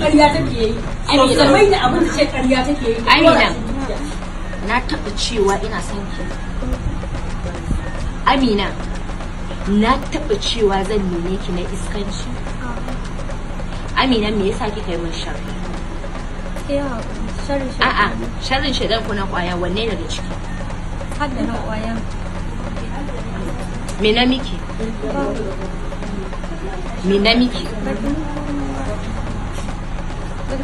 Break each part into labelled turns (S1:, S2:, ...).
S1: amina na taɓa cewa ina son ki amina na taɓa cewa zan nune ki na iskanci amina me yasa kika yi min sharri
S2: a'a sharrin
S3: shaidan kuna na kwaya wanne daga ciki
S2: har kwaya
S3: me na miki me na miki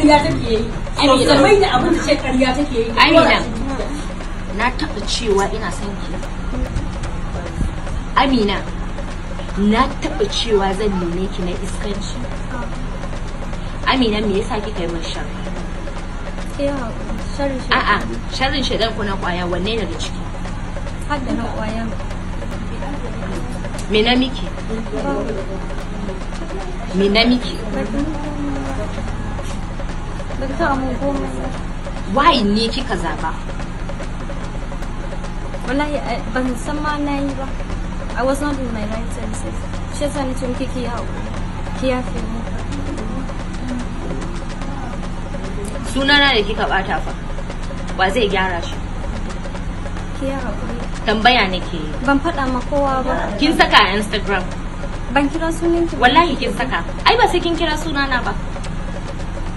S2: take yi da abin da ce take
S1: yi amina na taba cewa ina son ki amina na taba cewa zan nune ki na iskanci amina me yasa kika yi min sharri
S2: a'a
S3: sharrin shaidan ku na kwaya wanne daga ciki
S2: da na kwaya
S3: me na miki me na miki
S2: mun
S3: wayin ne kika zaba
S2: ban san ma yi ba ki
S4: sunana da kika bata fa ba zai gyara shi tambaya nake
S2: yi kin saka
S4: a instagram ban wallahi kin saka ai ba sai kin kira sunana ba